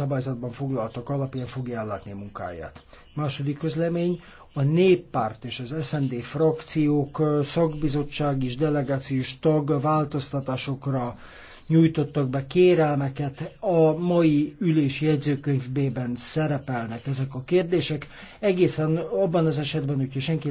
szabályzatban foglaltak alapján fogja ellátni munkáját. Második közlemény, a néppárt és az SND frakciók szakbizottság és delegációs tag változtatásokra nyújtottak be kérelmeket, a mai ülés jegyzőkönyvében szerepelnek ezek a kérdések, egészen abban az esetben, hogyha senki